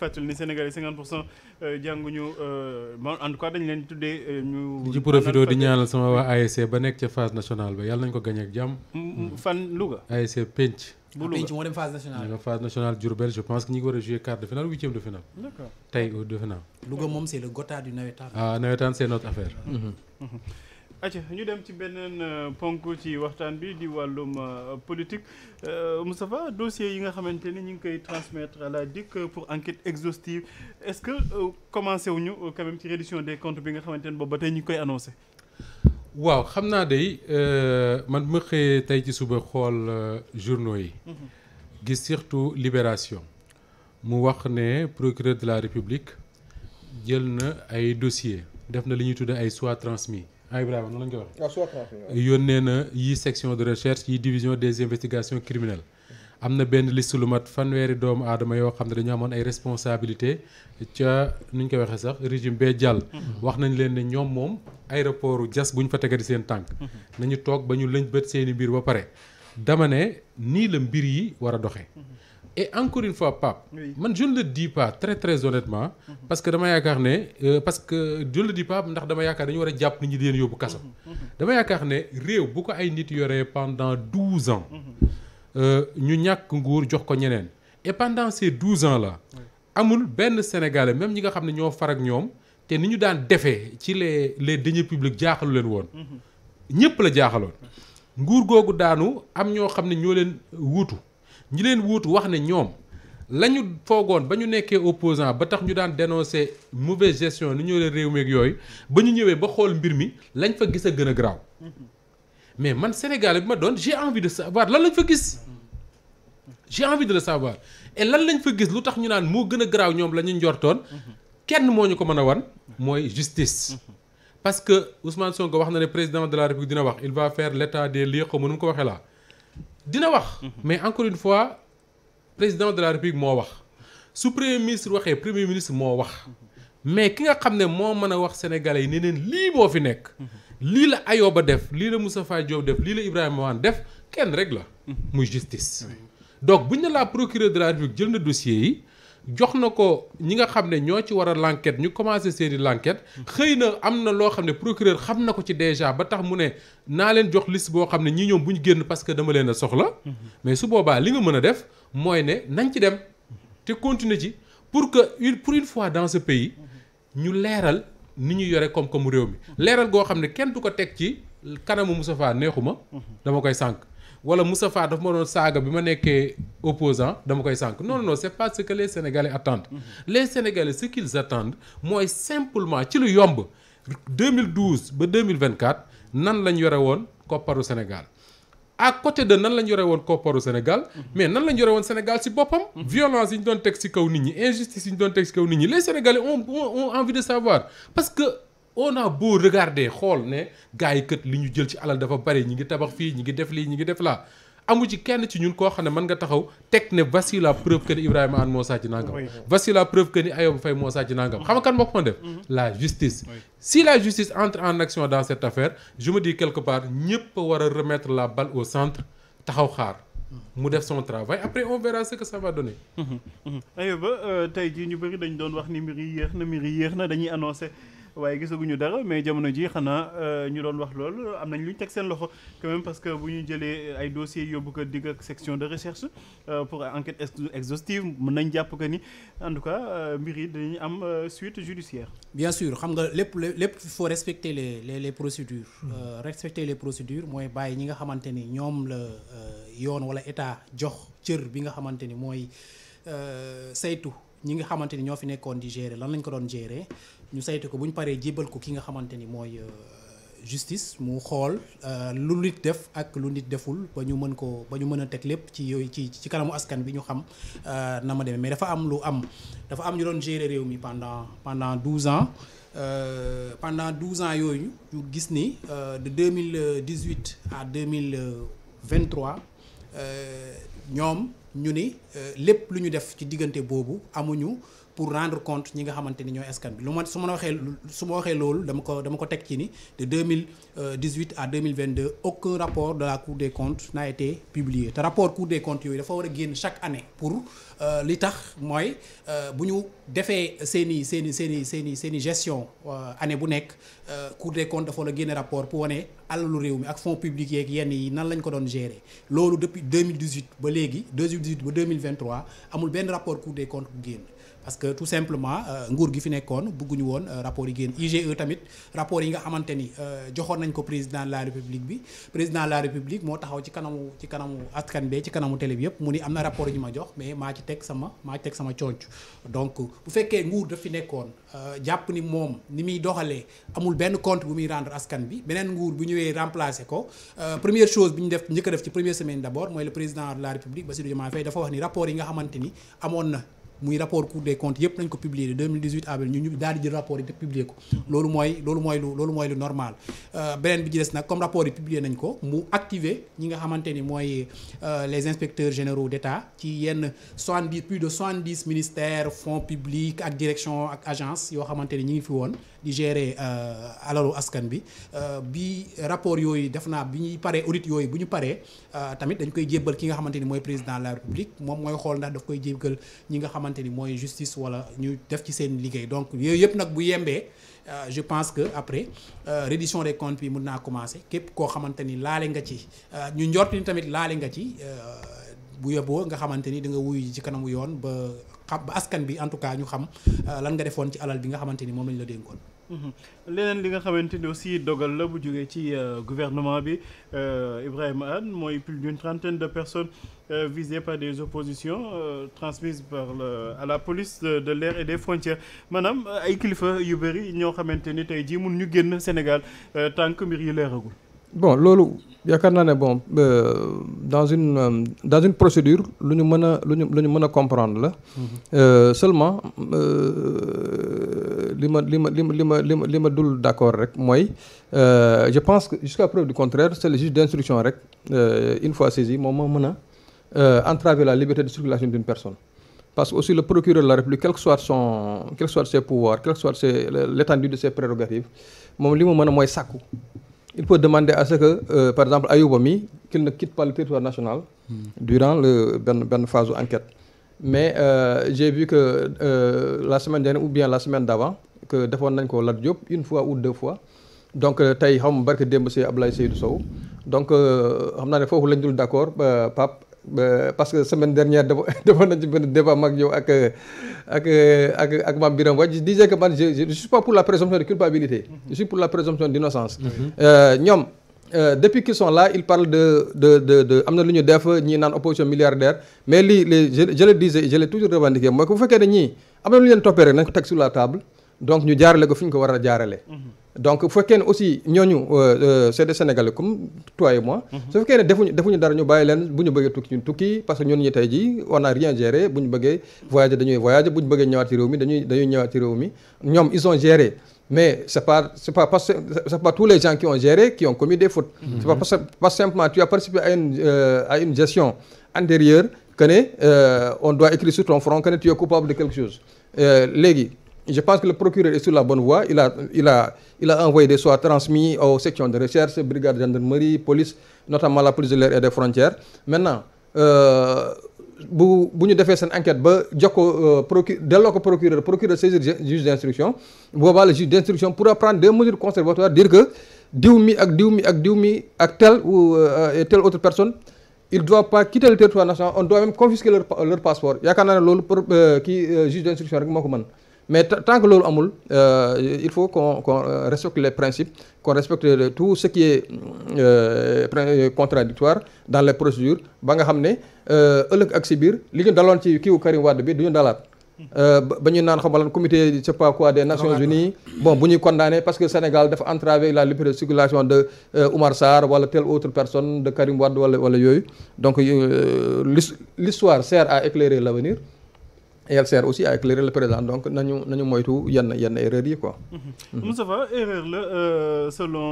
fàttali ni Sénégalais 50 pour cent euh, jànguñu euh, bon en tout dañ leen tuddee euh, ñu. di ci profité di ñaanal sama waa ASC ba nekk ca phase nationale ba yàlla nañ ko gagné ak jàmm. Mm, mm, fan Louga. ASC Penc. Ah, moo dem phase nationale. nga phase nationale Diourbel je pense que ñi ngi war a jouer quart de finale huitième de finale. tey au de finale. Louga moom c'est le Gotha du nawetaan. ah nawetaan c'est notre affaire. Mm-hmm. Mm-hmm. acca ñu dem ci beneen euh, ponk ci waxtaan bi di wàllum euh, politique euh, Moustapha dossier yi nga xamante ni ñu ngi koy transmettre la dikk pour enquête exhaustive est-ce que commencé wuñu quand même ci reddition des comptes bi nga xamante ne boobu ba tey ñu koy annoncé. waaw xam naa day man bu ma xëyee tey ci suba xool journaux yi. Mhm. gis surtout Libération. mu wax ne procureur de la République jël na ay dossiers def na li ñuy tuddee ay soit transmis. ah Ibrahima noonu lañ koy waxee. yónnee na yii section de recherche yi division des investigations criminelles am na benn liste lu mat fanweeri doomu aadama yoo xam ne dañu amoon ay responsabilité ca nu ñu koy waxee sax régime bee jàll. Mm-hmm. wax nañ leen ne ñoom moom aéroport jas buñ ñu fa tegati seen tànk. Mm-hmm. nañu toog ba ñu lëñ bët seen i mbir ba pare dama ne nii la mbir yi war a doxe mm-hmm. et encore une fois Pape man je ne le dis pas très très honnêtement mhm. parce que dama yaakaar ne euh, parce que je ne le dis ndax dama yaakaar dañu war a jàpp nit ñi di leen yóbbu kaso mhm. Mhm. dama yaakaar ne réew bu ko ay nit yore pendant douze ans euh, ñu ñàkk nguur jox ko ñeneen et pendant ces douze ans là amul benn sénégalais même ñi nga xam ne ñoo far ak ñoom te ni ñu daan defee ci les les deniers publics jaaxalu leen woon ñëpp la jaaxaloon nguur googu daanu am ñoo xam ne ñoo leen wuutu ñi leen wuutu wax ne ñoom la ñu foogoon ba ñu nekkee opposant ba tax ñu daan dénoncer mauvaise gestion ni ñoo leen réew meeg yooyu ba ñu ñëwee ba xool mbir mi lañ fa gis a gën a garaaw mais man Sénégal bi ma doon j'ai envie de savoir lan lañ fa gis j'ai envie de le savoir et lan lañ fa gis lu tax ñu naan moo gën a garaaw ñoom la ñu njortoon kenn moo ñu ko mën a wan mooy justice parce que Ousmane Sonko wax na ne président de la République dina wax il va faire l'état des lieux xaw ma nu ko waxee la dina wax. mais encore une fois président de la république moo wax su premier ministre waxee premier ministre moo wax mais ki nga xam ne moo mën a wax sénégal yi ne leen lii moo fi nekk. lii la Ayoba def lii la Moustapha Diop def lii la Ibrahima Wane def kenn rek la. muy justice. donc buñ ne laa procureur de la république jël na dossier yi. jox na ko ñi nga xam ne ñoo ci war a l'enquête ñu commencé seeni l'enquête xëy na am na loo xam ne procureur xam na ko ci déjà ba tax mu ne naa leen jox liste boo xam ne ñii ñoom bu ñu génn parce que dama leen soxla mais su boobaa li nga mën a def mooy ne nañ ci dem te continuer ci pour que une pour une fois dans ce pays ñu leeral ni ñu yore koom-koomu réew mi leeral goo xam ne kenn du ko teg ci kanamu Moustapha neexuma dama koy sànq wala Moustapha daf ma doon saaga bi ma nekkee opposant dama koy sànq non non c'est pas que les Sénégalais attendent mhm. les Sénégalais ce qu'ils mooy simplement ci lu yomb 2012 ba 2024 nan lañ yore woon kopparu Sénégal ak côté de nan lañ yore woon kopparu Sénégal mhm. mais nan lañ yore woon Sénégal si boppam mhm. violence yi ñu doon teg si kaw nit ñi injustice yi ñu doon teg si kaw nit ñi les Sénégalais ont ont envie savoir parce que on a beau regarder xool ne gars yi kët li ñu jël ci alal dafa bari ñi ngi tabax fii ñi ngi def lii ñi ngi def laa amu ci kenn ci ñun koo xam ne man nga taxaw teg ne voici la preuve que ni Ibrahima Anne moo nangam. voici la preuve que ni Ayob Faye moo sàcc nangam. xam nga kan moo ko mën def. Mhm. la justice. si la justice entre en action dans cette affaire je quelque part ñëpp a war a remettre la balle au centre taxaw xaar. mu def son travail après on verra ce que mhm. Mhm. Euh, jii ñu dañ doon wax ni mbir yi yéex na mbir yi yéex na dañuy waaye gisaguñu dara mais jamono ji xanaa euh, ñu doon wax loolu am nañ lu teg seen loxo quand parce que bu ñu jëlee ay dossiers yóbbu ko digg ak section de recherche euh, pour enquête exhaustive mën nañ jàpp que ni en tout cas euh, mbir yi dañuy am suite judiciaire. bien sûr xam nga lépp lépp foo faut respecter les les les procédures. respecter les procédures mooy bàyyi ñi nga xamante ni ñoom la yoon walla état jox cër bi nga xamante ni mooy saytu. ñi nga xamante ni ñoo fi nekkoon di gérer lan lañ ko doon gérer ñu saytu ko bu ñu paree jébal ko ki nga xamante ni mooy euh, justice mu xool euh, lu nit def ak lu nit deful ba ñu mën ko ba ñu mën a teg lépp ci yooyu ci ci kanamu askan bi ñu xam euh, na ma demee mais dafa am lu am dafa am ñu doon gérer réew mi pendant pendant douze ans Euh, pendant douze ans yooyu ñu gis ni de deux mille dix huit à deux mille vingt trois ñoom ñu ni euh, lépp lu ñu def ci diggante boobu amuñu pour rendre compte ñi nga xamante ni ñooy askan bi lu ma su ma waxee su ma waxee loolu dama ko dama ko teg ci ni de 2018 à 2022 aucun rapport de la Cour des comptes n'a été publié te rapport Cour des comptes yooyu dafa war a génn chaque année pour euh, li tax mooy euh, bu ñu defee seen i seen i seen i seen i seen i gestion euh, année bu nekk Cour des comptes dafa war a génne rapport pour wane alalu réew mi ak fonds publics yeeg yenn yi nan lañ ko doon gérer loolu depuis 2018 ba léegi 2018 ba 2023 amul benn rapport Cour des comptes parce que tout simplement euh, nguur gi fi nekkoon bëgguñu woon euh, rapport yi génn IGE tamit rapport yi nga xamante ni euh, joxoon nañ ko président de la république bi président de la république moo taxaw ci kanamu ci kanamu askan bi ci kanamu télé bi yëpp mu ni am na rapport yi ma jox mais maa ci teg sama maa ci sama conc donc bu fekkee nguur daf fi nekkoon jàpp ni moom ni muy doxalee amul benn compte bu muy rendre bu ñëwee a def ci première semaine d'abord mooy le président de la république Bassirou ni nga xamante ni amoon na muy rapport cour des comptes yëpp nañ ko publier de 2018 ñu ñu daal di jël rapport yi te publier ko loolu mooy loolu mooy lu loolu mooy lu normal euh, beneen bi ci des nag comme rapport yi publier nañ ko mu activer ñi nga xamante ni mooy euh, les inspecteurs généraux d'État ci yenn 70 plus de 70 ministères fonds publics ak direction ak agence yoo xamante ni ñu ngi fi woon di gérer euh, alalu askan bi bi rapport yooyu def naa bi ñuy paree audit yooyu bu ñu paree tamit dañ koy jébbal ki nga xamante ni mooy président la république moom mooy xool ndax daf koy jébbal xamante ni mooy justice wala ñu def ci seen liggéey donc yooyu yëpp nag bu yembee euh, je pense que après euh, reddition des comptes bi mun naa commencer képp koo xamante ni laale nga ci euh, ñu njort ni tamit laale nga ci bu yóbboo nga xamante ni da nga wuyu ci kanamu yoon ba xam ba askan bi en tout cas ñu xam lan nga defoon ci alal bi nga xamante ni moom lañ la déngoon Mhm. leneen li nga xamante ni aussi dogal la bu jógee ci euh, gouvernement bi euh, Ibrahima Anne mooy plus d'une trentaine de personnes euh, visées par des oppositions transmises par à la police de l'air et des frontières maanaam ay kilifa yu bëri ñoo xamante ni tey jii mun ñu génn Sénégal tant que mbir yi leeragul. bon loolu yaakaar naa ne bon dans une dans une procédure lu ñu mën a lu ñu lu ñu mën a comprendre la. Mhm. seulement. li ma li ma li ma li ma li ma li ma dul d'accord rek mooy euh, je pense que jusqu'à preuve du contraire c'est le juge d'instruction rek euh, une fois saisi moom moo mën a euh, entraver la liberté de circulation d'une personne parce que aussi le procureur de la République quel que soit son quel que soit ses pouvoirs quel que soit ses l'étendue de ses prérogatives moom li ma mën a mooy sàkku il faut demander à ce que par exemple Ayouba mi qu'il ne quitte pas le national hmm. durant benn benn phase enquête mais euh, j'ai vu que euh, la semaine dernière ou bien la semaine d'avant que defoon nañ ko Lat Diop une fois ou deux fois donc euh, tey xam ma barke démb si Ablaye Seydou Sow donc euh, xam naa ne foofu lañ dul d'accord Pape parce que semaine dernière dafa defoon nañ ci benn débat mag yow ak ak ak ak Mame Birame Wathie je man je je pas pour la présomption de culpabilité. je suis pour la présomption d'innocence. Mhm. Euh, ñoom. Euh, depuis qu'ils sont là ils parlent de de de de am na lu ñu def ñii naan opposition milliardaire mais lii les je je le disais je l'ai toujours revendiqué mooy que bu fekkee ne ñii am na lu ñu toppee rek nañ ko teg sur la table donc ñu jaarale ko fi ñu ko war a jaarale mhm. donc bu fekkee ne aussi ñooñu euh, euh, c'est des Sénégalais comme toi et moi. Mhm. su fekkee ne defuñu defuñu dara ñu bàyyi leen bu ñu bëggee tukki ñu tukki parce que ñun ñi tey jii on a rien géré bu ñu bëggee voyager dañuy voyager bu mi dañuy dañuy ñëwaat ci réew ñoom ils ont Mais ce n'est pas, pas, pas, pas, tous les gens qui ont géré qui ont commis des fautes. Mm -hmm. Ce n'est pas, simplement, tu participé euh, à une, gestion antérieure, que, euh, on doit écrire sur ton front que tu es coupable de quelque chose. Euh, je pense que le procureur est sur la bonne voie. Il a, il a, il a envoyé des soins transmis aux sections de recherche, brigades gendarmerie, police, notamment la police de l'air et des frontières. Maintenant, euh, bu bu ñu defee seen enquête ba jox ko euh, procu delloo ko procureur procureur saisir juge d'instruction boobaa la juge d'instruction pourra prendre des mesures conservatoires dire que diw mi ak diw mi ak diw mi ak tel ou euh, telle autre personne ils doivent pas quitter territoire national on doit même confisquer leur passeport yaakaar naa ne loolu pour euh, kii juge d'instruction rek moo ko man mais tant que loolu amul euh, il faut qu'on qu'on euh, respecte les principes qu'on respecte tout ce qui est euh, contradictoire dans les procédures ba nga xam ne ëllëg ak si biir li ñu daloon ci kiiwu Karim Wade bi du ñu dalaat ba ñu naan xam lan comité je sais quoi des nations unies bon bu ñuy condamné parce que Sénégal dafa entravé la liberté de circulation de Oumar Sarr wala telle autre personne de Karim Wade wala wala yooyu donc l'histoire sert à éclairer l'avenir ELCR aussi avec le président donc nañu nañu moytu yenn yenn erreurs yi quoi. Mm-hmm. Moustapha erreur la euh, selon.